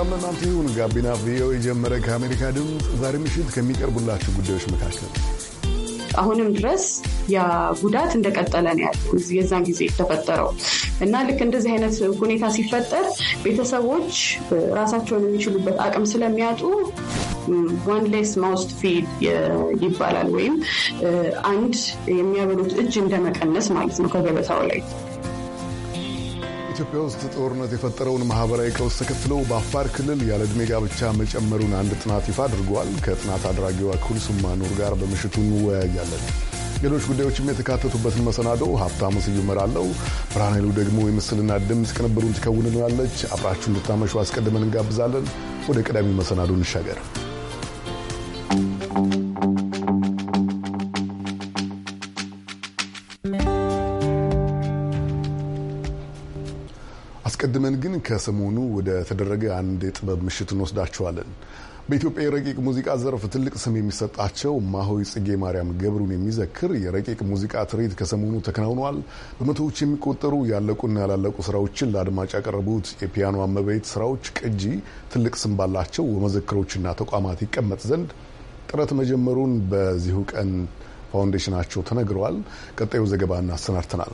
ሰላም ለእናንተ ይሁን። ጋቢና ቪኦኤ ጀመረ። ከአሜሪካ ድምፅ ዛሬ ምሽት ከሚቀርቡላቸው ጉዳዮች መካከል አሁንም ድረስ ያ ጉዳት እንደቀጠለ ነው ያለው የዛን ጊዜ የተፈጠረው እና ልክ እንደዚህ አይነት ሁኔታ ሲፈጠር ቤተሰቦች ራሳቸውን የሚችሉበት አቅም ስለሚያጡ ዋን ሌስ ፊድ ይባላል። ወይም አንድ የሚያበሉት እጅ እንደመቀነስ ማለት ነው ከገበታው ላይ ኢትዮጵያ ውስጥ ጦርነት የፈጠረውን ማህበራዊ ቀውስ ተከትሎ በአፋር ክልል ያለ ዕድሜ ጋብቻ መጨመሩን አንድ ጥናት ይፋ አድርጓል። ከጥናት አድራጊዋ ኩልሱማ ኑር ጋር በምሽቱ እንወያያለን። ሌሎች ጉዳዮችም የተካተቱበትን መሰናዶ ሀብታሙ ስዩም እመራለሁ። ብርሃኔሉ ደግሞ የምስልና ድምፅ ቅንብሩን ትከውንልናለች። አብራችሁ እንድታመሹ አስቀድመን እንጋብዛለን። ወደ ቀዳሚው መሰናዶ እንሻገር። ከሰሞኑ ወደ ተደረገ አንድ የጥበብ ምሽት እንወስዳችኋለን። በኢትዮጵያ የረቂቅ ሙዚቃ ዘርፍ ትልቅ ስም የሚሰጣቸው ማሆይ ጽጌ ማርያም ገብሩን የሚዘክር የረቂቅ ሙዚቃ ትርኢት ከሰሞኑ ተከናውኗል። በመቶዎች የሚቆጠሩ ያለቁና ያላለቁ ስራዎችን ለአድማጭ ያቀረቡት የፒያኖ እመቤት ስራዎች ቅጂ ትልቅ ስም ባላቸው መዘክሮችና ተቋማት ይቀመጥ ዘንድ ጥረት መጀመሩን በዚሁ ቀን ፋውንዴሽናቸው ተነግረዋል። ቀጣዩ ዘገባ እናሰናድተናል።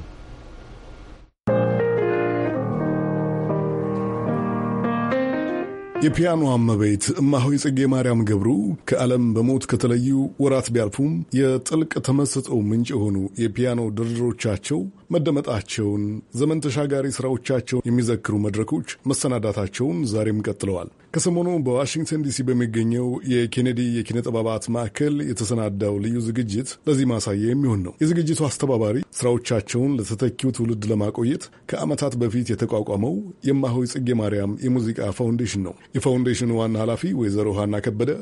የፒያኖ እመቤት እማሆይ ጽጌ ማርያም ገብሩ ከዓለም በሞት ከተለዩ ወራት ቢያልፉም የጥልቅ ተመስጠው ምንጭ የሆኑ የፒያኖ ድርድሮቻቸው መደመጣቸውን፣ ዘመን ተሻጋሪ ስራዎቻቸውን የሚዘክሩ መድረኮች መሰናዳታቸውን ዛሬም ቀጥለዋል። ከሰሞኑ በዋሽንግተን ዲሲ በሚገኘው የኬኔዲ የኪነ ጥበባት ማዕከል የተሰናዳው ልዩ ዝግጅት ለዚህ ማሳያ የሚሆን ነው። የዝግጅቱ አስተባባሪ ስራዎቻቸውን ለተተኪው ትውልድ ለማቆየት ከዓመታት በፊት የተቋቋመው የማሆይ ጽጌ ማርያም የሙዚቃ ፋውንዴሽን ነው። የፋውንዴሽኑ ዋና ኃላፊ ወይዘሮ ሀና ከበደ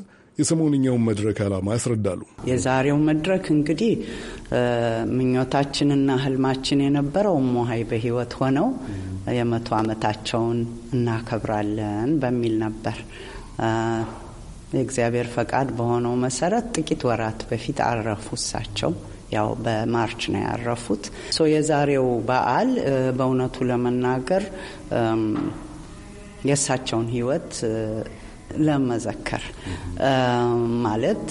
የሰሞንኛውን መድረክ ዓላማ ያስረዳሉ። የዛሬው መድረክ እንግዲህ ምኞታችንና ህልማችን የነበረው ሞሀይ በህይወት ሆነው የመቶ ዓመታቸውን እናከብራለን በሚል ነበር። የእግዚአብሔር ፈቃድ በሆነው መሰረት ጥቂት ወራት በፊት አረፉ እሳቸው። ያው በማርች ነው ያረፉት። ሶ የዛሬው በዓል በእውነቱ ለመናገር የእሳቸውን ህይወት ለመዘከር ማለት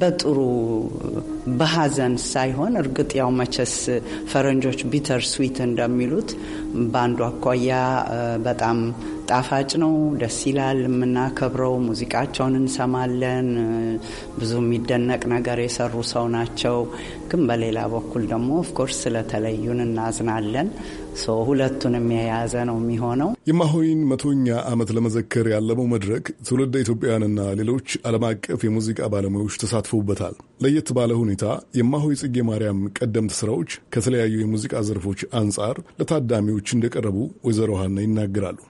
በጥሩ በሀዘን ሳይሆን እርግጥ ያው መቸስ ፈረንጆች ቢተር ስዊት እንደሚሉት በአንዱ አኳያ በጣም ጣፋጭ ነው፣ ደስ ይላል። የምናከብረው ሙዚቃቸውን እንሰማለን። ብዙ የሚደነቅ ነገር የሰሩ ሰው ናቸው። ግን በሌላ በኩል ደግሞ ኦፍኮርስ ስለተለዩን እናዝናለን። ሁለቱንም የያዘ ነው የሚሆነው። የማሆይን መቶኛ ዓመት ለመዘከር ያለመው መድረክ ትውልደ ኢትዮጵያውያንና ሌሎች ዓለም አቀፍ የሙዚቃ ባለሙያዎች ተሳትፎበታል። ለየት ባለ ሁኔታ የማሆይ ጽጌ ማርያም ቀደምት ስራዎች ከተለያዩ የሙዚቃ ዘርፎች አንጻር ለታዳሚዎች እንደቀረቡ ወይዘሮ ሀና ይናገራሉ።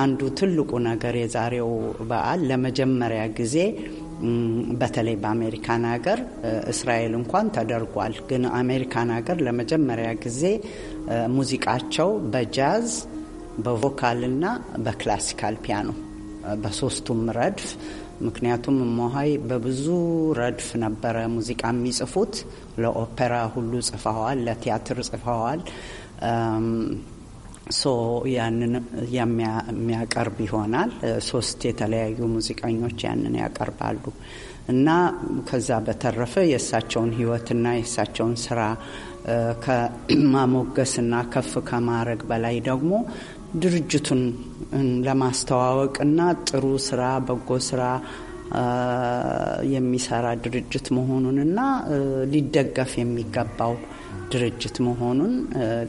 አንዱ ትልቁ ነገር የዛሬው በዓል ለመጀመሪያ ጊዜ በተለይ በአሜሪካን ሀገር እስራኤል እንኳን ተደርጓል፣ ግን አሜሪካን ሀገር ለመጀመሪያ ጊዜ ሙዚቃቸው በጃዝ በቮካልና በክላሲካል ፒያኖ በሶስቱም ረድፍ ምክንያቱም ሞሀይ በብዙ ረድፍ ነበረ ሙዚቃ የሚጽፉት። ለኦፔራ ሁሉ ጽፈዋል፣ ለቲያትር ጽፈዋል። ሶ ያንን የሚያቀርብ ይሆናል። ሶስት የተለያዩ ሙዚቀኞች ያንን ያቀርባሉ እና ከዛ በተረፈ የእሳቸውን ህይወትና የእሳቸውን ስራ ከማሞገስና ከፍ ከማድረግ በላይ ደግሞ ድርጅቱን ለማስተዋወቅና ጥሩ ስራ፣ በጎ ስራ የሚሰራ ድርጅት መሆኑንና ሊደገፍ የሚገባው ድርጅት መሆኑን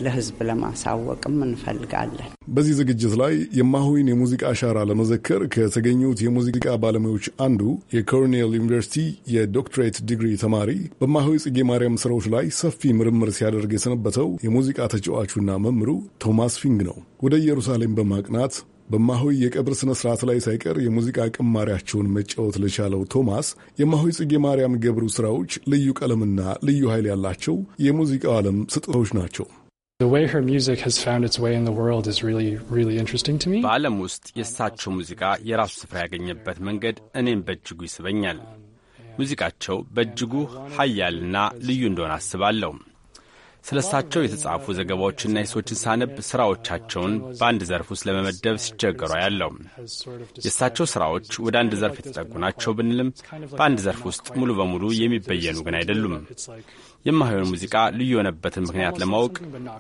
ለህዝብ ለማሳወቅም እንፈልጋለን። በዚህ ዝግጅት ላይ የማሆይን የሙዚቃ አሻራ ለመዘከር ከተገኙት የሙዚቃ ባለሙያዎች አንዱ የኮርኔል ዩኒቨርሲቲ የዶክትሬት ዲግሪ ተማሪ በማሆይ ጽጌ ማርያም ስራዎች ላይ ሰፊ ምርምር ሲያደርግ የሰነበተው የሙዚቃ ተጫዋቹና መምሩ ቶማስ ፊንግ ነው። ወደ ኢየሩሳሌም በማቅናት በማሆይ የቀብር ስነ ስርዓት ላይ ሳይቀር የሙዚቃ ቅማሪያቸውን መጫወት ለቻለው ቶማስ የማሆይ ጽጌ ማርያም ገብሩ ስራዎች ልዩ ቀለምና ልዩ ኃይል ያላቸው የሙዚቃው ዓለም ስጦታዎች ናቸው። በዓለም ውስጥ የእሳቸው ሙዚቃ የራሱ ስፍራ ያገኘበት መንገድ እኔም በእጅጉ ይስበኛል። ሙዚቃቸው በእጅጉ ኃያልና ልዩ እንደሆነ አስባለሁ። ስለ እሳቸው የተጻፉ ዘገባዎችና የሰዎችን ሳነብ ስራዎቻቸውን በአንድ ዘርፍ ውስጥ ለመመደብ ሲቸገሯ ያለው የእሳቸው ስራዎች ወደ አንድ ዘርፍ የተጠጉ ናቸው ብንልም በአንድ ዘርፍ ውስጥ ሙሉ በሙሉ የሚበየኑ ግን አይደሉም። የማሆን ሙዚቃ ልዩ የሆነበትን ምክንያት ለማወቅ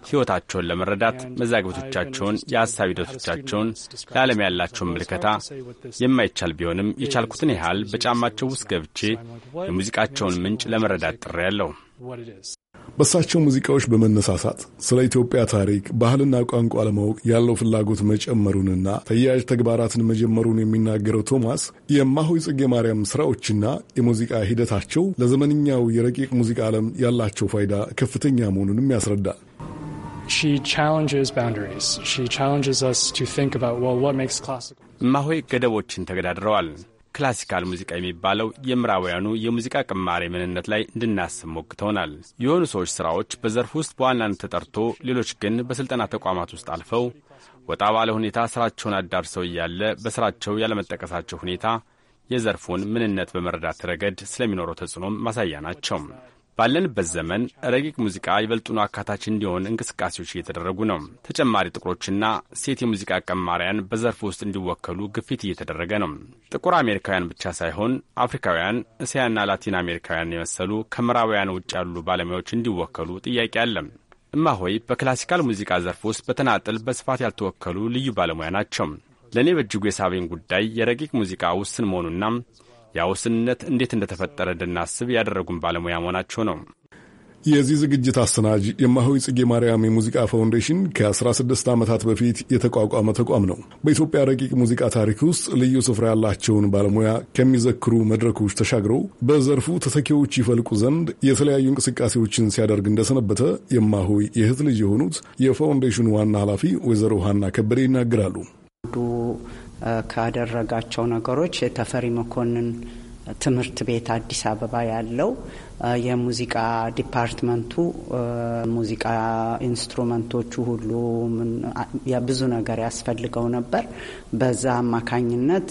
ህይወታቸውን ለመረዳት መዛግብቶቻቸውን፣ የሀሳብ ሂደቶቻቸውን፣ ለዓለም ያላቸውን ምልከታ የማይቻል ቢሆንም የቻልኩትን ያህል በጫማቸው ውስጥ ገብቼ የሙዚቃቸውን ምንጭ ለመረዳት ጥሬ ያለው በእሳቸው ሙዚቃዎች በመነሳሳት ስለ ኢትዮጵያ ታሪክ፣ ባህልና ቋንቋ ለማወቅ ያለው ፍላጎት መጨመሩንና ተያያዥ ተግባራትን መጀመሩን የሚናገረው ቶማስ የማሆይ ጽጌ ማርያም ስራዎችና የሙዚቃ ሂደታቸው ለዘመንኛው የረቂቅ ሙዚቃ ዓለም ያላቸው ፋይዳ ከፍተኛ መሆኑንም ያስረዳል። እማሆይ ገደቦችን ተገዳድረዋል። ክላሲካል ሙዚቃ የሚባለው የምዕራባውያኑ የሙዚቃ ቅማሬ ምንነት ላይ እንድናስብ ሞግተውናል። የሆኑ ሰዎች ሥራዎች በዘርፍ ውስጥ በዋናነት ተጠርቶ፣ ሌሎች ግን በሥልጠና ተቋማት ውስጥ አልፈው ወጣ ባለ ሁኔታ ሥራቸውን አዳርሰው እያለ በሥራቸው ያለመጠቀሳቸው ሁኔታ የዘርፉን ምንነት በመረዳት ረገድ ስለሚኖረው ተጽዕኖም ማሳያ ናቸው። ባለንበት ዘመን ረቂቅ ሙዚቃ ይበልጡኑ አካታች እንዲሆን እንቅስቃሴዎች እየተደረጉ ነው። ተጨማሪ ጥቁሮችና ሴት የሙዚቃ ቀማሪያን በዘርፍ ውስጥ እንዲወከሉ ግፊት እየተደረገ ነው። ጥቁር አሜሪካውያን ብቻ ሳይሆን አፍሪካውያን፣ እስያና ላቲን አሜሪካውያን የመሰሉ ከምዕራባውያን ውጭ ያሉ ባለሙያዎች እንዲወከሉ ጥያቄ አለ። እማሆይ በክላሲካል ሙዚቃ ዘርፍ ውስጥ በተናጥል በስፋት ያልተወከሉ ልዩ ባለሙያ ናቸው። ለእኔ በእጅጉ የሳበኝ ጉዳይ የረቂቅ ሙዚቃ ውስን መሆኑና ያ ውስንነት እንዴት እንደተፈጠረ እንድናስብ ያደረጉን ባለሙያ መሆናቸው ነው። የዚህ ዝግጅት አሰናጅ የማሆይ ጽጌ ማርያም የሙዚቃ ፋውንዴሽን ከ16 ዓመታት በፊት የተቋቋመ ተቋም ነው። በኢትዮጵያ ረቂቅ ሙዚቃ ታሪክ ውስጥ ልዩ ስፍራ ያላቸውን ባለሙያ ከሚዘክሩ መድረኮች ተሻግረው በዘርፉ ተተኪዎች ይፈልቁ ዘንድ የተለያዩ እንቅስቃሴዎችን ሲያደርግ እንደሰነበተ የማሆይ የእህት ልጅ የሆኑት የፋውንዴሽኑ ዋና ኃላፊ ወይዘሮ ሀና ከበደ ይናገራሉ። ካደረጋቸው ነገሮች የተፈሪ መኮንን ትምህርት ቤት አዲስ አበባ ያለው የሙዚቃ ዲፓርትመንቱ ሙዚቃ ኢንስትሩመንቶቹ ሁሉ ብዙ ነገር ያስፈልገው ነበር። በዛ አማካኝነት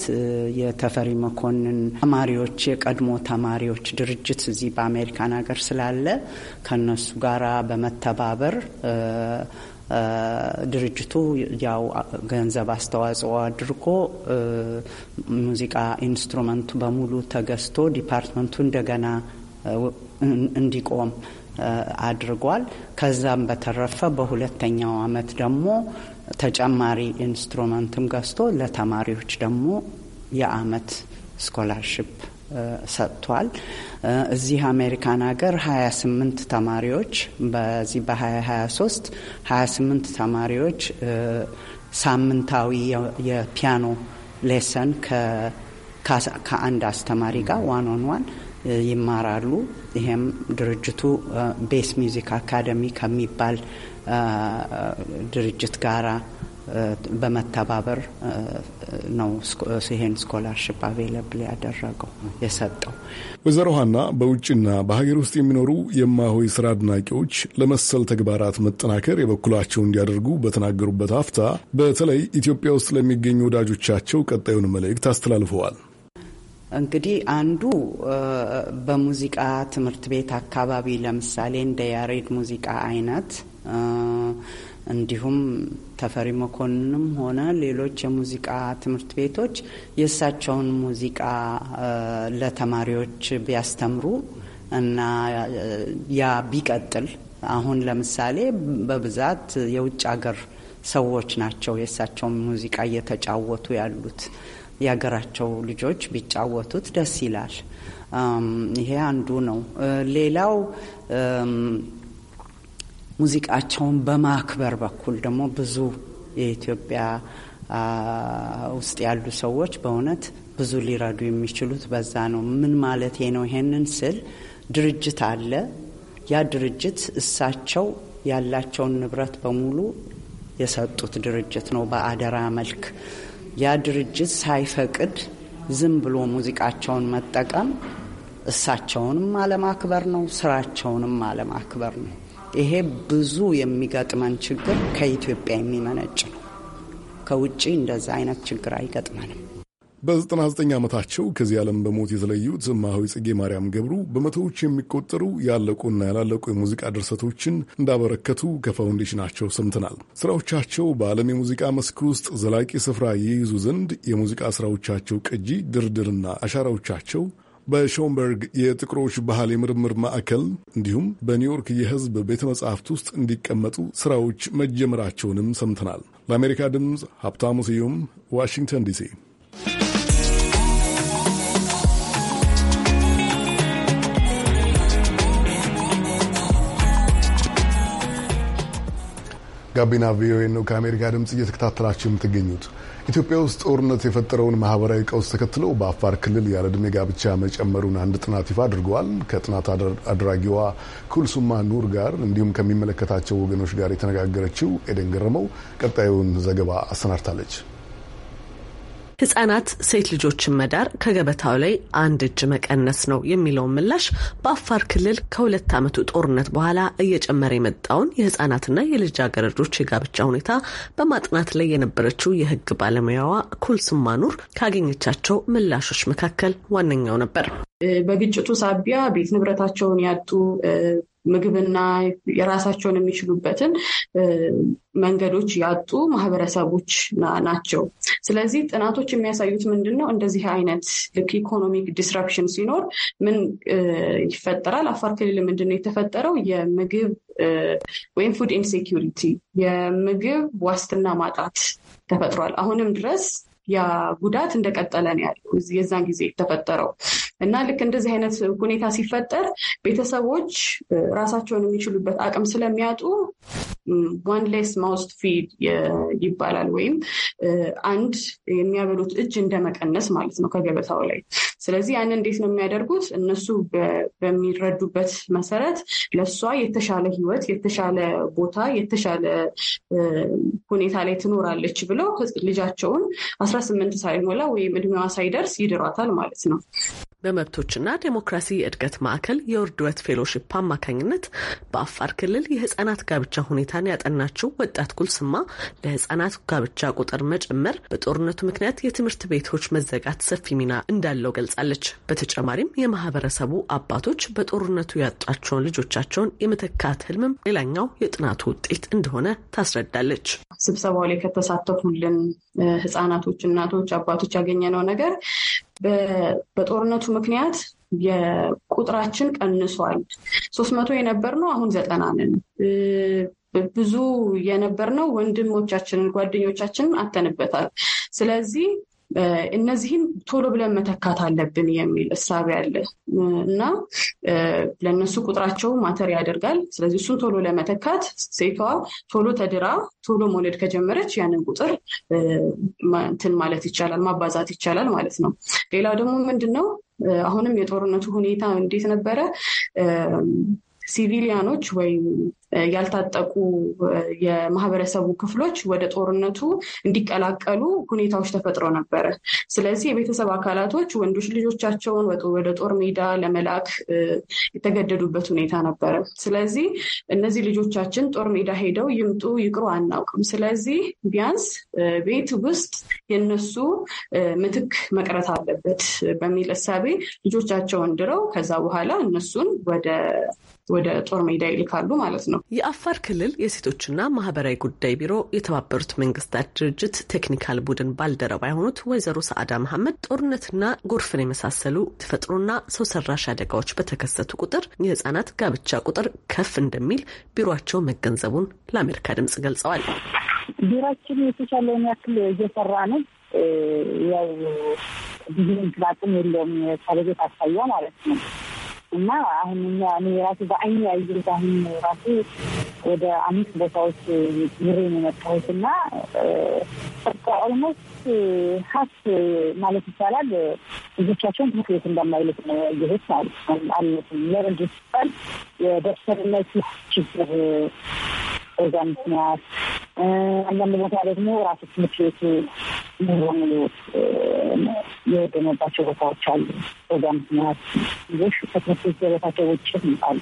የተፈሪ መኮንን ተማሪዎች የቀድሞ ተማሪዎች ድርጅት እዚህ በአሜሪካን ሀገር ስላለ ከነሱ ጋራ በመተባበር ድርጅቱ ያው ገንዘብ አስተዋጽኦ አድርጎ ሙዚቃ ኢንስትሩመንቱ በሙሉ ተገዝቶ ዲፓርትመንቱ እንደገና እንዲቆም አድርጓል። ከዛም በተረፈ በሁለተኛው አመት ደግሞ ተጨማሪ ኢንስትሩመንትም ገዝቶ ለተማሪዎች ደግሞ የአመት ስኮላርሽፕ ሰጥቷል። እዚህ አሜሪካን ሀገር 28 ተማሪዎች በዚህ በ2023 28 ተማሪዎች ሳምንታዊ የፒያኖ ሌሰን ከአንድ አስተማሪ ጋር ዋን ኦን ዋን ይማራሉ። ይሄም ድርጅቱ ቤስ ሚውዚክ አካደሚ ከሚባል ድርጅት ጋራ በመተባበር ነው ይሄን ስኮላርሽፕ አቬለብል ያደረገው የሰጠው። ወይዘሮ ሀና በውጭና በሀገር ውስጥ የሚኖሩ የማሆይ ስራ አድናቂዎች ለመሰል ተግባራት መጠናከር የበኩላቸው እንዲያደርጉ በተናገሩበት አፍታ በተለይ ኢትዮጵያ ውስጥ ለሚገኙ ወዳጆቻቸው ቀጣዩን መልእክት አስተላልፈዋል። እንግዲህ አንዱ በሙዚቃ ትምህርት ቤት አካባቢ ለምሳሌ እንደ ያሬድ ሙዚቃ አይነት እንዲሁም ተፈሪ መኮንንም ሆነ ሌሎች የሙዚቃ ትምህርት ቤቶች የእሳቸውን ሙዚቃ ለተማሪዎች ቢያስተምሩ እና ያ ቢቀጥል አሁን ለምሳሌ በብዛት የውጭ አገር ሰዎች ናቸው የእሳቸውን ሙዚቃ እየተጫወቱ ያሉት። የሀገራቸው ልጆች ቢጫወቱት ደስ ይላል። ይሄ አንዱ ነው። ሌላው ሙዚቃቸውን በማክበር በኩል ደግሞ ብዙ የኢትዮጵያ ውስጥ ያሉ ሰዎች በእውነት ብዙ ሊረዱ የሚችሉት በዛ ነው። ምን ማለት ነው? ይሄንን ስል ድርጅት አለ። ያ ድርጅት እሳቸው ያላቸውን ንብረት በሙሉ የሰጡት ድርጅት ነው በአደራ መልክ። ያ ድርጅት ሳይፈቅድ ዝም ብሎ ሙዚቃቸውን መጠቀም እሳቸውንም አለማክበር ነው፣ ስራቸውንም አለማክበር ነው። ይሄ ብዙ የሚገጥመን ችግር ከኢትዮጵያ የሚመነጭ ነው። ከውጭ እንደዛ አይነት ችግር አይገጥመንም። በ99 ዓመታቸው ከዚህ ዓለም በሞት የተለዩት እማሆይ ጽጌ ማርያም ገብሩ በመቶዎች የሚቆጠሩ ያለቁና ያላለቁ የሙዚቃ ድርሰቶችን እንዳበረከቱ ከፋውንዴሽናቸው ሰምተናል። ስራዎቻቸው በዓለም የሙዚቃ መስክ ውስጥ ዘላቂ ስፍራ ይይዙ ዘንድ የሙዚቃ ስራዎቻቸው ቅጂ ድርድርና አሻራዎቻቸው በሾምበርግ የጥቁሮች ባህል የምርምር ማዕከል እንዲሁም በኒውዮርክ የሕዝብ ቤተ መጻሕፍት ውስጥ እንዲቀመጡ ስራዎች መጀመራቸውንም ሰምተናል። ለአሜሪካ ድምፅ ሀብታሙ ስዩም ዋሽንግተን ዲሲ። ጋቢና ቪኦኤ ነው። ከአሜሪካ ድምፅ እየተከታተላችሁ የምትገኙት ኢትዮጵያ ውስጥ ጦርነት የፈጠረውን ማህበራዊ ቀውስ ተከትሎ በአፋር ክልል ያለ ጋብቻ መጨመሩን አንድ ጥናት ይፋ አድርገዋል። ከጥናት አድራጊዋ ኩልሱማ ኑር ጋር እንዲሁም ከሚመለከታቸው ወገኖች ጋር የተነጋገረችው ኤደን ገረመው ቀጣዩን ዘገባ አሰናድታለች። ህጻናት ሴት ልጆችን መዳር ከገበታው ላይ አንድ እጅ መቀነስ ነው የሚለውን ምላሽ በአፋር ክልል ከሁለት ዓመቱ ጦርነት በኋላ እየጨመረ የመጣውን የህጻናትና የልጃገረዶች የጋብቻ ሁኔታ በማጥናት ላይ የነበረችው የህግ ባለሙያዋ ኩልስማ ኑር ካገኘቻቸው ምላሾች መካከል ዋነኛው ነበር። በግጭቱ ሳቢያ ቤት ንብረታቸውን ያጡ ምግብና የራሳቸውን የሚችሉበትን መንገዶች ያጡ ማህበረሰቦች ናቸው። ስለዚህ ጥናቶች የሚያሳዩት ምንድን ነው? እንደዚህ አይነት ልክ ኢኮኖሚክ ዲስራፕሽን ሲኖር ምን ይፈጠራል? አፋር ክልል ምንድን ነው የተፈጠረው? የምግብ ወይም ፉድ ኢንሴኪሪቲ የምግብ ዋስትና ማጣት ተፈጥሯል። አሁንም ድረስ ያ ጉዳት እንደቀጠለን ያለው የዛን ጊዜ የተፈጠረው እና ልክ እንደዚህ አይነት ሁኔታ ሲፈጠር ቤተሰቦች ራሳቸውን የሚችሉበት አቅም ስለሚያጡ ዋን ሌስ ማውስ ፊድ ይባላል። ወይም አንድ የሚያበሉት እጅ እንደመቀነስ ማለት ነው ከገበታው ላይ። ስለዚህ ያን እንዴት ነው የሚያደርጉት? እነሱ በሚረዱበት መሰረት ለእሷ የተሻለ ህይወት የተሻለ ቦታ፣ የተሻለ ሁኔታ ላይ ትኖራለች ብለው ልጃቸውን አስራ ስምንት ሳይሞላ ወይም እድሜዋ ሳይደርስ ይድሯታል ማለት ነው። በመብቶችና ዴሞክራሲ እድገት ማዕከል የውርድወት ፌሎሺፕ አማካኝነት በአፋር ክልል የህጻናት ጋብቻ ሁኔታን ያጠናችው ወጣት ኩልስማ ለህጻናት ጋብቻ ቁጥር መጨመር በጦርነቱ ምክንያት የትምህርት ቤቶች መዘጋት ሰፊ ሚና እንዳለው ገልጻለች። በተጨማሪም የማህበረሰቡ አባቶች በጦርነቱ ያጧቸውን ልጆቻቸውን የመተካት ህልምም ሌላኛው የጥናቱ ውጤት እንደሆነ ታስረዳለች። ስብሰባው ላይ ከተሳተፉልን ህጻናቶች፣ እናቶች፣ አባቶች ያገኘነው ነገር በጦርነቱ ምክንያት የቁጥራችን ቀንሷል። ሶስት መቶ የነበር ነው አሁን ዘጠና ነን። ብዙ የነበር ነው ወንድሞቻችንን ጓደኞቻችንን አተንበታል። ስለዚህ እነዚህን ቶሎ ብለን መተካት አለብን የሚል እሳቤ አለ እና ለእነሱ ቁጥራቸው ማተር ያደርጋል። ስለዚህ እሱን ቶሎ ለመተካት ሴቷ ቶሎ ተድራ ቶሎ መውለድ ከጀመረች ያንን ቁጥር እንትን ማለት ይቻላል፣ ማባዛት ይቻላል ማለት ነው። ሌላው ደግሞ ምንድን ነው አሁንም የጦርነቱ ሁኔታ እንዴት ነበረ? ሲቪሊያኖች ወይም ያልታጠቁ የማህበረሰቡ ክፍሎች ወደ ጦርነቱ እንዲቀላቀሉ ሁኔታዎች ተፈጥሮ ነበረ። ስለዚህ የቤተሰብ አካላቶች ወንዶች ልጆቻቸውን ወደ ጦር ሜዳ ለመላክ የተገደዱበት ሁኔታ ነበረ። ስለዚህ እነዚህ ልጆቻችን ጦር ሜዳ ሄደው ይምጡ ይቅሩ አናውቅም። ስለዚህ ቢያንስ ቤት ውስጥ የነሱ ምትክ መቅረት አለበት በሚል እሳቤ ልጆቻቸውን ድረው ከዛ በኋላ እነሱን ወደ ወደ ጦር ሜዳ ይልካሉ ማለት ነው። የአፋር ክልል የሴቶችና ማህበራዊ ጉዳይ ቢሮ የተባበሩት መንግስታት ድርጅት ቴክኒካል ቡድን ባልደረባ የሆኑት ወይዘሮ ሰአዳ መሐመድ ጦርነትና ጎርፍን የመሳሰሉ ተፈጥሮና ሰው ሰራሽ አደጋዎች በተከሰቱ ቁጥር የህጻናት ጋብቻ ቁጥር ከፍ እንደሚል ቢሮቸው መገንዘቡን ለአሜሪካ ድምጽ ገልጸዋል። ቢሮችን የተቻለውን ያክል እየሰራ ነው። ያው ብዙ ትላጥም የለውም ከበጀት አኳያ ማለት ነው እና አሁን እኛ እኔ ራሱ በአይን ያየሁት አሁን ራሱ ወደ አምስት ቦታዎች ምሬ ነው የመጣሁት እና በቃ ኦልሞስት ሀስ ማለት ይቻላል ልጆቻቸውን ትምህርት ቤት እንደማይልቅ ነው ያየሁት ማለት ነው። አለትም ለረጅ ሲባል የደብተርነት ችግር በዛ ምክንያት አንዳንድ ቦታ ደግሞ ራሱ ትምህርት ቤቱ ሙሉ በሙሉ የወደመባቸው ቦታዎች አሉ። በዛ ምክንያት ልጆች ከትምህርት ቤት ገበታቸው ውጭ ይመጣሉ።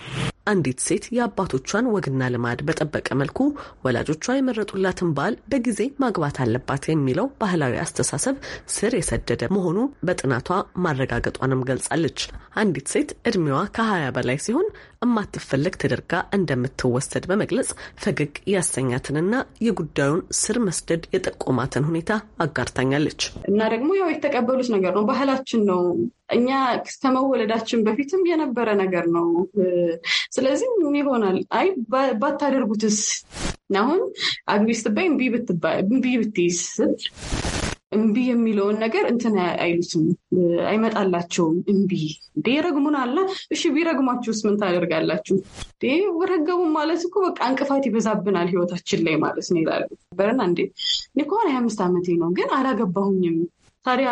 አንዲት ሴት የአባቶቿን ወግና ልማድ በጠበቀ መልኩ ወላጆቿ የመረጡላትን ባል በጊዜ ማግባት አለባት የሚለው ባህላዊ አስተሳሰብ ስር የሰደደ መሆኑ በጥናቷ ማረጋገጧንም ገልጻለች። አንዲት ሴት እድሜዋ ከሀያ በላይ ሲሆን እማትፈለግ ተደርጋ እንደምትወሰድ በመግለጽ ፈገግ ያሰኛትንና የጉዳዩን ስር መስደድ የጠቆማትን ሁኔታ አጋርታኛለች። እና ደግሞ ያው የተቀበሉት ነገር ነው፣ ባህላችን ነው እኛ ከመወለዳችን በፊትም የነበረ ነገር ነው። ስለዚህ ምን ይሆናል? አይ ባታደርጉትስ? አሁን አግቢ ስትባይ እምቢ ብትይስ እምቢ የሚለውን ነገር እንትን አይሉትም፣ አይመጣላቸውም። እምቢ እንዴ ረግሙን አለ። እሺ ቢረግሟችሁስ ምን ታደርጋላችሁ? ረገሙ ማለት እኮ በቃ እንቅፋት ይበዛብናል ህይወታችን ላይ ማለት ነው ይላሉ። ነበርና እንዴ እኔ ከሆነ ሀያ አምስት ዓመቴ ነው ግን አላገባሁኝም ታዲያ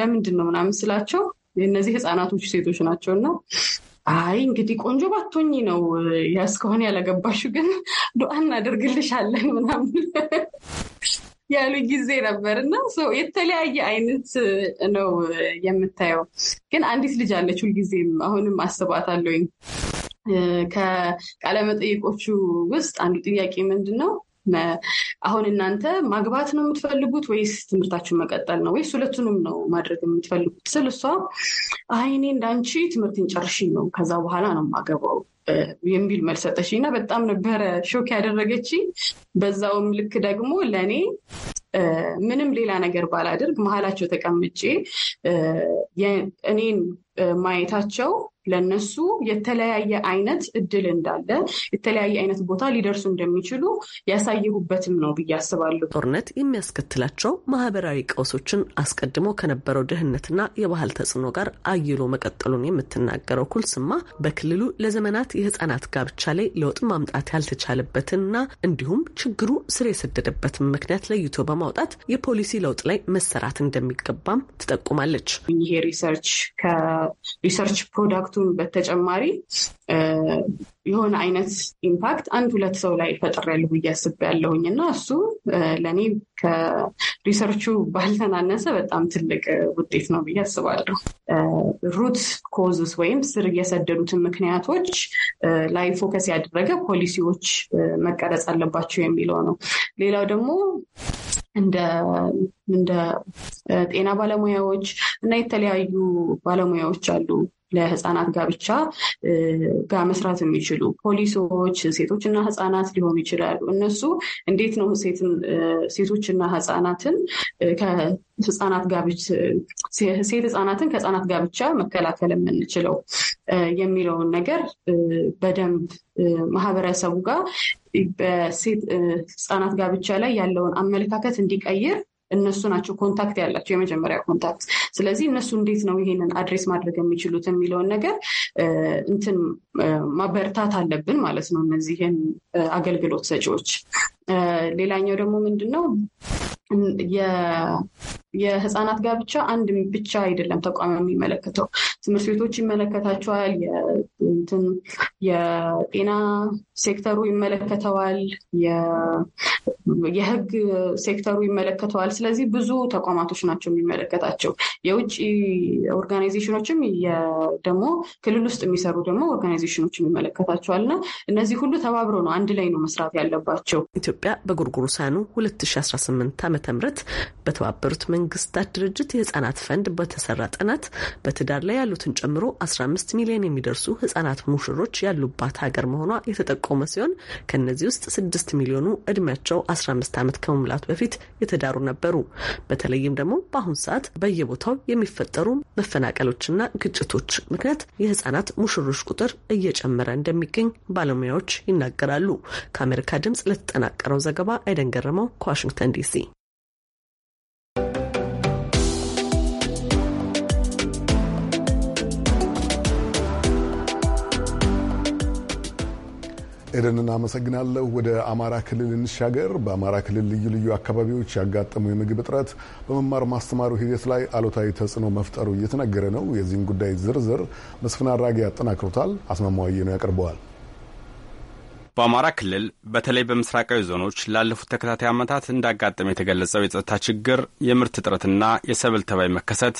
ለምንድን ነው ምናምን ስላቸው እነዚህ ህፃናቶች ሴቶች ናቸው እና አይ እንግዲህ ቆንጆ ባቶኝ ነው ያስከሆን ያለገባሹ ግን ዱዓ እናደርግልሻለን ምናምን ያሉ ጊዜ ነበር እና የተለያየ አይነት ነው የምታየው። ግን አንዲት ልጅ አለች ሁልጊዜም አሁንም አስባታለሁኝ። ከቃለመጠይቆቹ ውስጥ አንዱ ጥያቄ ምንድን ነው አሁን እናንተ ማግባት ነው የምትፈልጉት ወይስ ትምህርታችሁን መቀጠል ነው ወይስ ሁለቱንም ነው ማድረግ የምትፈልጉት ስል እሷ አይኔ እንዳንቺ ትምህርትን ጨርሽ ነው ከዛ በኋላ ነው ማገባው የሚል መልስ ሰጠችኝ እና በጣም ነበረ ሾክ ያደረገች። በዛውም ልክ ደግሞ ለእኔ ምንም ሌላ ነገር ባላደርግ መሀላቸው ተቀምጬ እኔን ማየታቸው ለነሱ የተለያየ አይነት እድል እንዳለ የተለያየ አይነት ቦታ ሊደርሱ እንደሚችሉ ያሳየሁበትም ነው ብዬ አስባለሁ። ጦርነት የሚያስከትላቸው ማህበራዊ ቀውሶችን አስቀድሞ ከነበረው ድህነትና የባህል ተጽዕኖ ጋር አይሎ መቀጠሉን የምትናገረው ኩልስማ በክልሉ ለዘመናት የህፃናት ጋብቻ ላይ ለውጥ ማምጣት ያልተቻለበትንና እንዲሁም ችግሩ ስር የሰደደበትን ምክንያት ለይቶ በማውጣት የፖሊሲ ለውጥ ላይ መሰራት እንደሚገባም ትጠቁማለች። ይሄ ሪሰርች ከሪሰርች ፕሮዳክት ከኢምፓክቱን በተጨማሪ የሆነ አይነት ኢምፓክት አንድ ሁለት ሰው ላይ ፈጥሬያለሁ ብዬ ያለሁኝ እና እሱ ለእኔ ከሪሰርቹ ባልተናነሰ በጣም ትልቅ ውጤት ነው ብዬ አስባለሁ። ሩት ኮዝስ ወይም ስር እየሰደዱትን ምክንያቶች ላይ ፎከስ ያደረገ ፖሊሲዎች መቀረጽ አለባቸው የሚለው ነው። ሌላው ደግሞ እንደ እንደ ጤና ባለሙያዎች እና የተለያዩ ባለሙያዎች አሉ ለህፃናት ጋብቻ ጋር መስራት የሚችሉ ፖሊሶች፣ ሴቶችና ህፃናት ሊሆኑ ይችላሉ። እነሱ እንዴት ነው ሴቶችና ህፃናትን ህጻናት ጋብቻ ሴት ህጻናትን ከህጻናት ጋብቻ መከላከል የምንችለው የሚለውን ነገር በደንብ ማህበረሰቡ ጋር በሴት ህጻናት ጋብቻ ላይ ያለውን አመለካከት እንዲቀይር እነሱ ናቸው ኮንታክት ያላቸው የመጀመሪያ ኮንታክት። ስለዚህ እነሱ እንዴት ነው ይሄንን አድሬስ ማድረግ የሚችሉት የሚለውን ነገር እንትን ማበርታት አለብን ማለት ነው እነዚህን አገልግሎት ሰጪዎች። ሌላኛው ደግሞ ምንድን ነው የህፃናት ጋብቻ አንድ ብቻ አይደለም ተቋም የሚመለከተው። ትምህርት ቤቶች ይመለከታቸዋል፣ የጤና ሴክተሩ ይመለከተዋል፣ የህግ ሴክተሩ ይመለከተዋል። ስለዚህ ብዙ ተቋማቶች ናቸው የሚመለከታቸው። የውጭ ኦርጋናይዜሽኖችም ደግሞ ክልል ውስጥ የሚሰሩ ደግሞ ኦርጋናይዜሽኖች ይመለከታቸዋል እና እነዚህ ሁሉ ተባብረው ነው አንድ ላይ ነው መስራት ያለባቸው። ኢትዮጵያ ሳኑ 2018 ዓ ም በተባበሩት መንግስታት ድርጅት የህጻናት ፈንድ በተሰራ ጥናት በትዳር ላይ ያሉትን ጨምሮ 15 ሚሊዮን የሚደርሱ ህጻናት ሙሽሮች ያሉባት ሀገር መሆኗ የተጠቆመ ሲሆን ከእነዚህ ውስጥ 6 ሚሊዮኑ እድሜያቸው 15 ዓመት ከመሙላቱ በፊት የተዳሩ ነበሩ። በተለይም ደግሞ በአሁኑ ሰዓት በየቦታው የሚፈጠሩ መፈናቀሎችና ግጭቶች ምክንያት የህጻናት ሙሽሮች ቁጥር እየጨመረ እንደሚገኝ ባለሙያዎች ይናገራሉ። ከአሜሪካ ድምጽ ለተጠናቀረው ዘገባ አይደን ገረመው ከዋሽንግተን ዲሲ ኤደን እናመሰግናለሁ። ወደ አማራ ክልል እንሻገር። በአማራ ክልል ልዩ ልዩ አካባቢዎች ያጋጠመው የምግብ እጥረት በመማር ማስተማሩ ሂደት ላይ አሉታዊ ተጽዕኖ መፍጠሩ እየተነገረ ነው። የዚህን ጉዳይ ዝርዝር መስፍን አድራጊ ያጠናክሩታል። አስማማዋዬ ነው ያቀርበዋል። በአማራ ክልል በተለይ በምስራቃዊ ዞኖች ላለፉት ተከታታይ ዓመታት እንዳጋጠመ የተገለጸው የጸጥታ ችግር፣ የምርት እጥረትና የሰብል ተባይ መከሰት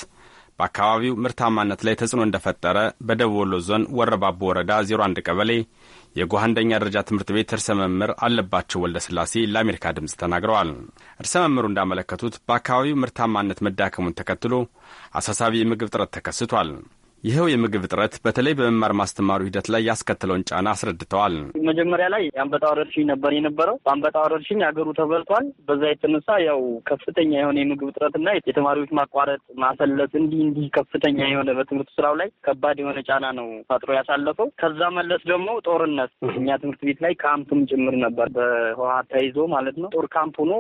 በአካባቢው ምርታማነት ላይ ተጽዕኖ እንደፈጠረ በደቡብ ወሎ ዞን ወረባቦ ወረዳ 01 ቀበሌ የጎሃ አንደኛ ደረጃ ትምህርት ቤት እርሰ መምህር አለባቸው ወልደስላሴ ለአሜሪካ ድምፅ ተናግረዋል። እርሰ መምህሩ እንዳመለከቱት በአካባቢው ምርታማነት መዳከሙን ተከትሎ አሳሳቢ የምግብ ጥረት ተከስቷል። ይኸው የምግብ እጥረት በተለይ በመማር ማስተማሩ ሂደት ላይ ያስከተለውን ጫና አስረድተዋል። መጀመሪያ ላይ የአንበጣ ወረርሽኝ ነበር የነበረው። በአንበጣ ወረርሽኝ ሀገሩ ተበልቷል። በዛ የተነሳ ያው ከፍተኛ የሆነ የምግብ እጥረትና የተማሪዎች ማቋረጥ፣ ማሰለስ እንዲህ እንዲህ ከፍተኛ የሆነ በትምህርት ስራው ላይ ከባድ የሆነ ጫና ነው ፈጥሮ ያሳለፈው። ከዛ መለስ ደግሞ ጦርነት እኛ ትምህርት ቤት ላይ ካምፕም ጭምር ነበር በህወሓት ተይዞ ማለት ነው። ጦር ካምፕ ሆኖ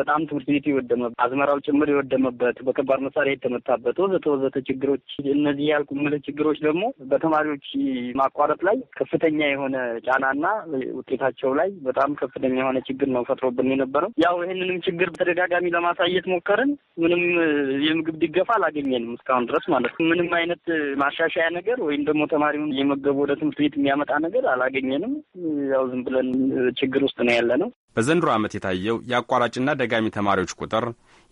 በጣም ትምህርት ቤቱ የወደመበት፣ አዝመራው ጭምር የወደመበት፣ በከባድ መሳሪያ የተመታበት ወዘተ ወዘተ ችግሮች እነዚህ ያል የቁምል ችግሮች ደግሞ በተማሪዎች ማቋረጥ ላይ ከፍተኛ የሆነ ጫናና ውጤታቸው ላይ በጣም ከፍተኛ የሆነ ችግር ነው ፈጥሮብን የነበረው። ያው ይህንንም ችግር በተደጋጋሚ ለማሳየት ሞከርን። ምንም የምግብ ድገፋ አላገኘንም እስካሁን ድረስ ማለት ነው። ምንም አይነት ማሻሻያ ነገር ወይም ደግሞ ተማሪውን እየመገቡ ወደ ትምህርት ቤት የሚያመጣ ነገር አላገኘንም። ያው ዝም ብለን ችግር ውስጥ ነው ያለ ነው። በዘንድሮ ዓመት የታየው የአቋራጭና ደጋሚ ተማሪዎች ቁጥር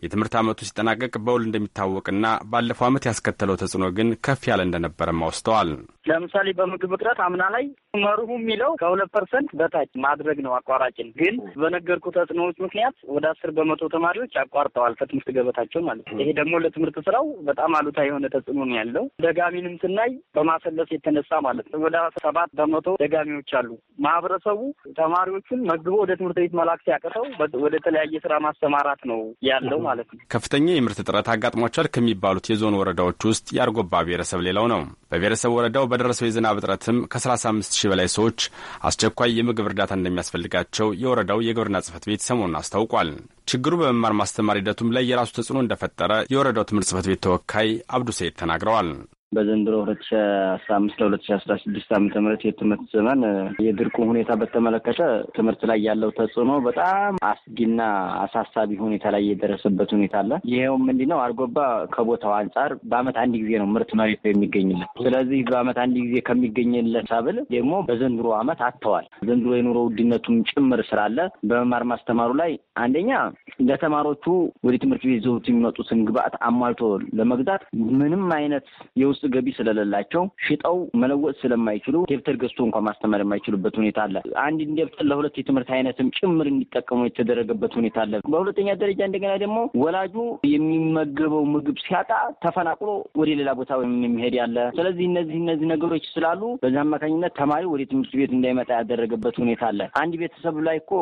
የትምህርት ዓመቱ ሲጠናቀቅ በውል እንደሚታወቅና ባለፈው ዓመት ያስከተለው ተጽዕኖ ግን ከፍ ያለ እንደነበረም አውስተዋል። ለምሳሌ በምግብ እጥረት አምና ላይ መርሁ የሚለው ከሁለት ፐርሰንት በታች ማድረግ ነው አቋራጭን። ግን በነገርኩ ተጽዕኖዎች ምክንያት ወደ አስር በመቶ ተማሪዎች አቋርጠዋል ከትምህርት ገበታቸው ማለት ነው። ይሄ ደግሞ ለትምህርት ስራው በጣም አሉታ የሆነ ተጽዕኖ ነው ያለው። ደጋሚንም ስናይ በማሰለስ የተነሳ ማለት ነው ወደ ሰባት በመቶ ደጋሚዎች አሉ። ማህበረሰቡ ተማሪዎቹን መግቦ ወደ ትምህርት ቤት መላክ ሲያቅተው ወደ ተለያየ ስራ ማሰማራት ነው ያለው ማለት ነው። ከፍተኛ የምርት እጥረት አጋጥሟቸዋል ከሚባሉት የዞን ወረዳዎች ውስጥ የአርጎባ ብሔረሰብ ሌላው ነው። በብሔረሰብ ወረዳው በደረሰው የዝናብ እጥረትም ከ35 ሺህ በላይ ሰዎች አስቸኳይ የምግብ እርዳታ እንደሚያስፈልጋቸው የወረዳው የግብርና ጽህፈት ቤት ሰሞኑን አስታውቋል። ችግሩ በመማር ማስተማር ሂደቱም ላይ የራሱ ተጽዕኖ እንደፈጠረ የወረዳው ትምህርት ጽሕፈት ቤት ተወካይ አብዱ ሰይድ ተናግረዋል። በዘንድሮ ሁለት ሺ አስራ አምስት ለሁለት ሺ አስራ ስድስት ዓመተ ምህረት የትምህርት ዘመን የድርቁ ሁኔታ በተመለከተ ትምህርት ላይ ያለው ተጽዕኖ በጣም አስጊና አሳሳቢ ሁኔታ ላይ የደረሰበት ሁኔታ አለ። ይኸውም ምንድን ነው? አርጎባ ከቦታው አንጻር በዓመት አንድ ጊዜ ነው ምርት መሬት የሚገኝለት። ስለዚህ በዓመት አንድ ጊዜ ከሚገኝለት ሰብል ደግሞ በዘንድሮ ዓመት አጥተዋል። ዘንድሮ የኑሮ ውድነቱም ጭምር ስላለ በመማር ማስተማሩ ላይ አንደኛ ለተማሪዎቹ ወደ ትምህርት ቤት ዘውት የሚመጡትን ግብዓት አሟልቶ ለመግዛት ምንም አይነት የውስ ውስጥ ገቢ ስለሌላቸው ሽጠው መለወጥ ስለማይችሉ ደብተር ገዝቶ እንኳ ማስተማር የማይችሉበት ሁኔታ አለ። አንድ ደብተር ለሁለት የትምህርት አይነትም ጭምር እንዲጠቀሙ የተደረገበት ሁኔታ አለ። በሁለተኛ ደረጃ እንደገና ደግሞ ወላጁ የሚመገበው ምግብ ሲያጣ ተፈናቅሎ ወደ ሌላ ቦታ የሚሄድ ያለ። ስለዚህ እነዚህ እነዚህ ነገሮች ስላሉ በዚህ አማካኝነት ተማሪ ወደ ትምህርት ቤት እንዳይመጣ ያደረገበት ሁኔታ አለ። አንድ ቤተሰብ ላይ እኮ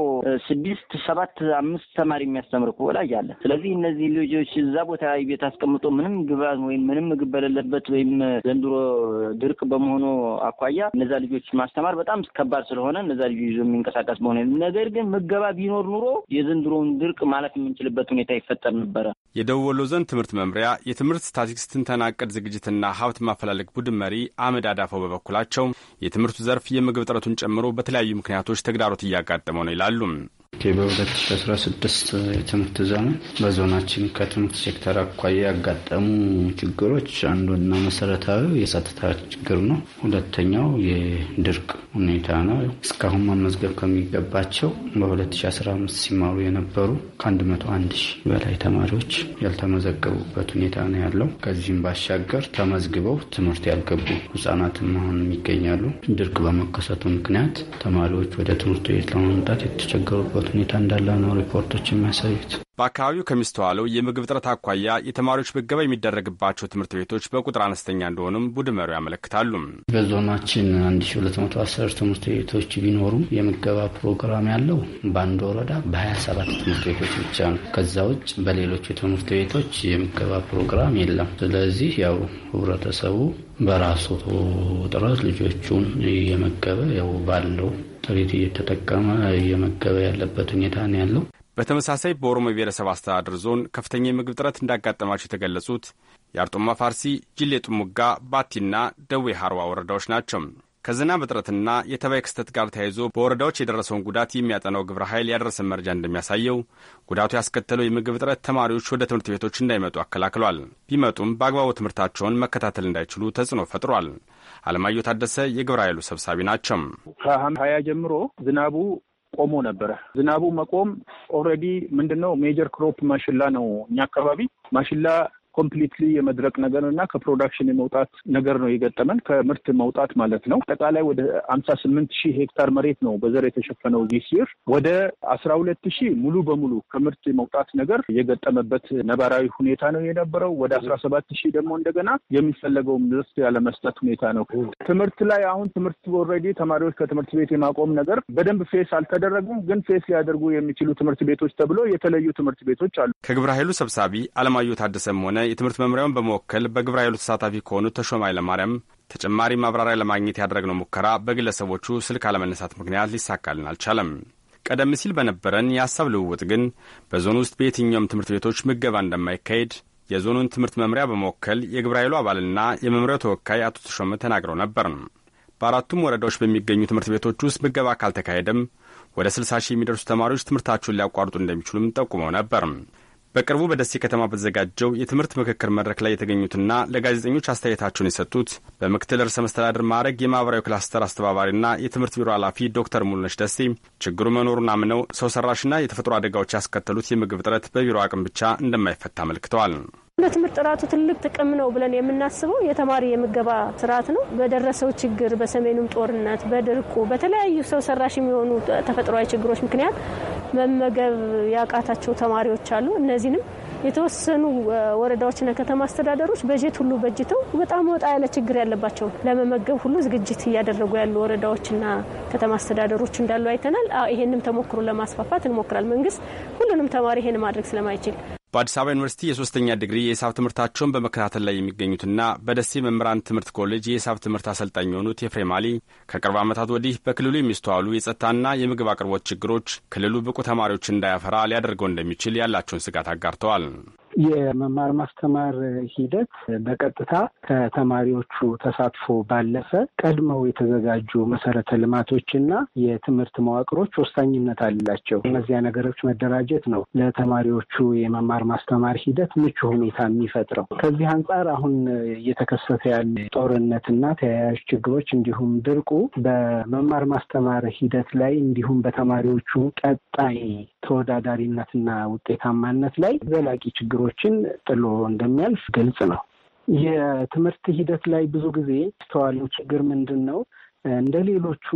ስድስት ሰባት አምስት ተማሪ የሚያስተምር እኮ ወላጅ አለ። ስለዚህ እነዚህ ልጆች እዛ ቦታ ቤት አስቀምጦ ምንም ግብዓት ወይም ምንም ምግብ በሌለበት ወይም ወይም ዘንድሮ ድርቅ በመሆኑ አኳያ እነዛ ልጆች ማስተማር በጣም ከባድ ስለሆነ እነዛ ልጆች ይዞ የሚንቀሳቀስ በሆነ ነገር ግን ምገባ ቢኖር ኑሮ የዘንድሮውን ድርቅ ማለፍ የምንችልበት ሁኔታ ይፈጠር ነበረ። የደቡብ ወሎ ዞን ትምህርት መምሪያ የትምህርት ስታቲስቲክስ ትንተና ዝግጅትና ሀብት ማፈላለግ ቡድን መሪ አመድ አዳፈው በበኩላቸው የትምህርቱ ዘርፍ የምግብ እጥረቱን ጨምሮ በተለያዩ ምክንያቶች ተግዳሮት እያጋጠመው ነው ይላሉ። በ2016 የትምህርት ዘመን በዞናችን ከትምህርት ሴክተር አኳያ ያጋጠሙ ችግሮች አንዱና መሰረታዊ የጸጥታ ችግር ነው። ሁለተኛው የድርቅ ሁኔታ ነው። እስካሁን መመዝገብ ከሚገባቸው በ2015 ሲማሩ የነበሩ ከ101 ሺህ በላይ ተማሪዎች ያልተመዘገቡበት ሁኔታ ነው ያለው። ከዚህም ባሻገር ተመዝግበው ትምህርት ያልገቡ ህጻናትም አሁን ይገኛሉ። ድርቅ በመከሰቱ ምክንያት ተማሪዎች ወደ ትምህርት ቤት ለመምጣት የተቸገሩበት ያለበት ሁኔታ እንዳለ ነው ሪፖርቶች የሚያሳዩት። በአካባቢው ከሚስተዋለው የምግብ እጥረት አኳያ የተማሪዎች ምገባ የሚደረግባቸው ትምህርት ቤቶች በቁጥር አነስተኛ እንደሆኑም ቡድን መሪው ያመለክታሉ። በዞናችን 1210 ትምህርት ቤቶች ቢኖሩም የምገባ ፕሮግራም ያለው በአንድ ወረዳ በ27 ትምህርት ቤቶች ብቻ ነው። ከዛ ውጭ በሌሎቹ ትምህርት ቤቶች የምገባ ፕሮግራም የለም። ስለዚህ ያው ህብረተሰቡ በራሱ ጥረት ልጆቹን እየመገበ ያው ባለው ቤት እየተጠቀመ እየመገበ ያለበት ሁኔታ ነው ያለው። በተመሳሳይ በኦሮሞ ብሔረሰብ አስተዳደር ዞን ከፍተኛ የምግብ እጥረት እንዳጋጠማቸው የተገለጹት የአርጦማ ፋርሲ፣ ጅሌ ጥሙጋ፣ ባቲና ደዌ ሀርዋ ወረዳዎች ናቸው። ከዝናብ እጥረትና የተባይ ክስተት ጋር ተያይዞ በወረዳዎች የደረሰውን ጉዳት የሚያጠናው ግብረ ኃይል ያደረሰን መረጃ እንደሚያሳየው ጉዳቱ ያስከተለው የምግብ እጥረት ተማሪዎች ወደ ትምህርት ቤቶች እንዳይመጡ አከላክሏል። ቢመጡም በአግባቡ ትምህርታቸውን መከታተል እንዳይችሉ ተጽዕኖ ፈጥሯል። አለማየሁ ታደሰ የግብረ ኃይሉ ሰብሳቢ ናቸው። ከሀያ ጀምሮ ዝናቡ ቆሞ ነበረ። ዝናቡ መቆም ኦልሬዲ ምንድነው ሜጀር ክሮፕ ማሽላ ነው። እኛ አካባቢ ማሽላ ኮምፕሊትሊ የመድረቅ ነገር እና ከፕሮዳክሽን የመውጣት ነገር ነው የገጠመን፣ ከምርት መውጣት ማለት ነው። አጠቃላይ ወደ አምሳ ስምንት ሺህ ሄክታር መሬት ነው በዘር የተሸፈነው ዚስ ይር ወደ አስራ ሁለት ሺህ ሙሉ በሙሉ ከምርት የመውጣት ነገር የገጠመበት ነባራዊ ሁኔታ ነው የነበረው። ወደ አስራ ሰባት ሺህ ደግሞ እንደገና የሚፈለገው ምርት ያለመስጠት ሁኔታ ነው። ትምህርት ላይ አሁን ትምህርት ኦልሬዲ ተማሪዎች ከትምህርት ቤት የማቆም ነገር በደንብ ፌስ አልተደረጉም፣ ግን ፌስ ሊያደርጉ የሚችሉ ትምህርት ቤቶች ተብሎ የተለዩ ትምህርት ቤቶች አሉ። ከግብረ ኃይሉ ሰብሳቢ አለማየሁ ታደሰም ሆነ የትምህርት መምሪያውን በመወከል በግብረ ኃይሉ ተሳታፊ ከሆኑ ተሾመ ኃይለማርያም ተጨማሪ ማብራሪያ ለማግኘት ያደረግነው ሙከራ በግለሰቦቹ ስልክ አለመነሳት ምክንያት ሊሳካልን አልቻለም። ቀደም ሲል በነበረን የሀሳብ ልውውጥ ግን በዞኑ ውስጥ በየትኛውም ትምህርት ቤቶች ምገባ እንደማይካሄድ የዞኑን ትምህርት መምሪያ በመወከል የግብረ ኃይሉ አባልና የመምሪያው ተወካይ አቶ ተሾመ ተናግረው ነበር። በአራቱም ወረዳዎች በሚገኙ ትምህርት ቤቶች ውስጥ ምገባ ካልተካሄደም ወደ 60 ሺህ የሚደርሱ ተማሪዎች ትምህርታቸውን ሊያቋርጡ እንደሚችሉም ጠቁመው ነበር። በቅርቡ በደሴ ከተማ በተዘጋጀው የትምህርት ምክክር መድረክ ላይ የተገኙትና ለጋዜጠኞች አስተያየታቸውን የሰጡት በምክትል ርዕሰ መስተዳድር ማዕረግ የማህበራዊ ክላስተር አስተባባሪና የትምህርት ቢሮ ኃላፊ ዶክተር ሙልነሽ ደሴ ችግሩ መኖሩን አምነው ሰው ሰራሽና የተፈጥሮ አደጋዎች ያስከተሉት የምግብ እጥረት በቢሮ አቅም ብቻ እንደማይፈታ አመልክተዋል። ለትምህርት ጥራቱ ትልቅ ጥቅም ነው ብለን የምናስበው የተማሪ የምገባ ስርዓት ነው። በደረሰው ችግር፣ በሰሜኑም ጦርነት፣ በድርቁ፣ በተለያዩ ሰው ሰራሽ የሚሆኑ ተፈጥሯዊ ችግሮች ምክንያት መመገብ ያቃታቸው ተማሪዎች አሉ። እነዚህንም የተወሰኑ ወረዳዎችና ከተማ አስተዳደሮች በጀት ሁሉ በጅተው በጣም ወጣ ያለ ችግር ያለባቸው ለመመገብ ሁሉ ዝግጅት እያደረጉ ያሉ ወረዳዎችና ከተማ አስተዳደሮች እንዳሉ አይተናል። ይሄንም ተሞክሮ ለማስፋፋት እንሞክራል። መንግስት ሁሉንም ተማሪ ይሄን ማድረግ ስለማይችል በአዲስ አበባ ዩኒቨርሲቲ የሶስተኛ ዲግሪ የሂሳብ ትምህርታቸውን በመከታተል ላይ የሚገኙትና በደሴ መምህራን ትምህርት ኮሌጅ የሂሳብ ትምህርት አሰልጣኝ የሆኑት የፍሬ አሊ ከቅርብ ዓመታት ወዲህ በክልሉ የሚስተዋሉ የጸጥታና የምግብ አቅርቦት ችግሮች ክልሉ ብቁ ተማሪዎች እንዳያፈራ ሊያደርገው እንደሚችል ያላቸውን ስጋት አጋርተዋል። የመማር ማስተማር ሂደት በቀጥታ ከተማሪዎቹ ተሳትፎ ባለፈ ቀድመው የተዘጋጁ መሰረተ ልማቶችና የትምህርት መዋቅሮች ወሳኝነት አላቸው። እነዚያ ነገሮች መደራጀት ነው ለተማሪዎቹ የመማር ማስተማር ሂደት ምቹ ሁኔታ የሚፈጥረው። ከዚህ አንጻር አሁን እየተከሰተ ያለ ጦርነትና ተያያዥ ችግሮች እንዲሁም ድርቁ በመማር ማስተማር ሂደት ላይ እንዲሁም በተማሪዎቹ ቀጣይ ተወዳዳሪነትና ውጤታማነት ላይ ዘላቂ ችግሮች ሰዎችን ጥሎ እንደሚያልፍ ግልጽ ነው። የትምህርት ሂደት ላይ ብዙ ጊዜ ስተዋለው ችግር ምንድን ነው? እንደ ሌሎቹ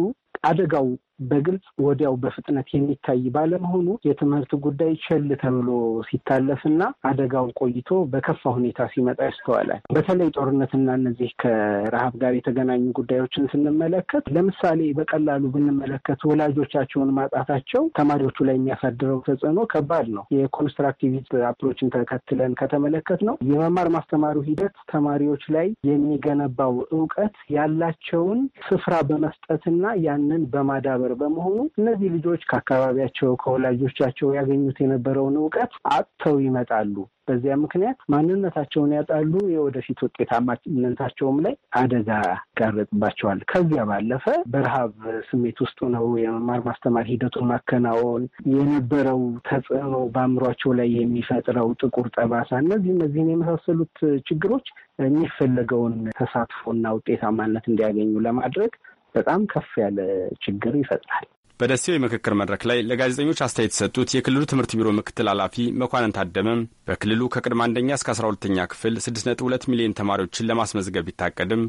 አደጋው በግልጽ ወዲያው በፍጥነት የሚታይ ባለመሆኑ የትምህርት ጉዳይ ቸል ተብሎ ሲታለፍና አደጋው ቆይቶ በከፋ ሁኔታ ሲመጣ ይስተዋላል። በተለይ ጦርነትና እነዚህ ከረሃብ ጋር የተገናኙ ጉዳዮችን ስንመለከት ለምሳሌ በቀላሉ ብንመለከት ወላጆቻቸውን ማጣታቸው ተማሪዎቹ ላይ የሚያሳድረው ተጽዕኖ ከባድ ነው። የኮንስትራክቲቪስት አፕሮችን ተከትለን ከተመለከት ነው የመማር ማስተማሩ ሂደት ተማሪዎች ላይ የሚገነባው እውቀት ያላቸውን ስፍራ በመስጠትና ያንን በማዳበር የነበር በመሆኑ እነዚህ ልጆች ከአካባቢያቸው ከወላጆቻቸው ያገኙት የነበረውን እውቀት አጥተው ይመጣሉ። በዚያ ምክንያት ማንነታቸውን ያጣሉ። የወደፊት ውጤታማነታቸውም ላይ አደጋ ይጋረጥባቸዋል። ከዚያ ባለፈ በረሃብ ስሜት ውስጥ ነው የመማር ማስተማር ሂደቱን ማከናወን የነበረው ተጽዕኖ በአእምሯቸው ላይ የሚፈጥረው ጥቁር ጠባሳ፣ እነዚህ እነዚህን የመሳሰሉት ችግሮች የሚፈለገውን ተሳትፎና ውጤታማነት እንዲያገኙ ለማድረግ በጣም ከፍ ያለ ችግር ይፈጥራል። በደሴው የምክክር መድረክ ላይ ለጋዜጠኞች አስተያየት የሰጡት የክልሉ ትምህርት ቢሮ ምክትል ኃላፊ መኳንን ታደመ በክልሉ ከቅድመ አንደኛ እስከ አስራ ሁለተኛ ክፍል ስድስት ነጥብ ሁለት ሚሊዮን ተማሪዎችን ለማስመዝገብ ቢታቀድም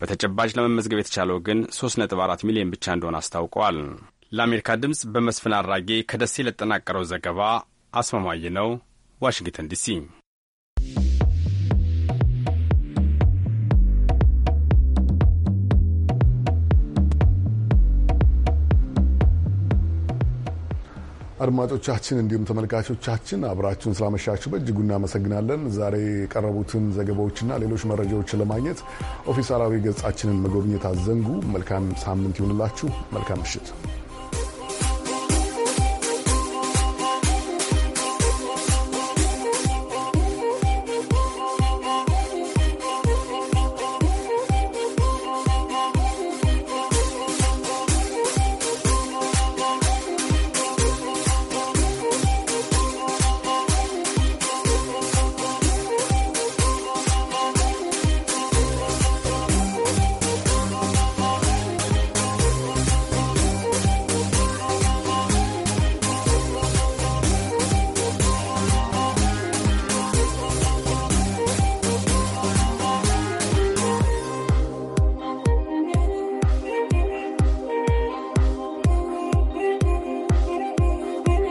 በተጨባጭ ለመመዝገብ የተቻለው ግን ሶስት ነጥብ አራት ሚሊዮን ብቻ እንደሆነ አስታውቀዋል። ለአሜሪካ ድምፅ በመስፍን አራጌ ከደሴ ለጠናቀረው ዘገባ አስማማኝ ነው፣ ዋሽንግተን ዲሲ አድማጮቻችን እንዲሁም ተመልካቾቻችን አብራችሁን ስላመሻችሁ በእጅጉ እናመሰግናለን። ዛሬ የቀረቡትን ዘገባዎችና ሌሎች መረጃዎችን ለማግኘት ኦፊሳላዊ ገጻችንን መጎብኘት አዘንጉ። መልካም ሳምንት ይሁንላችሁ። መልካም ምሽት።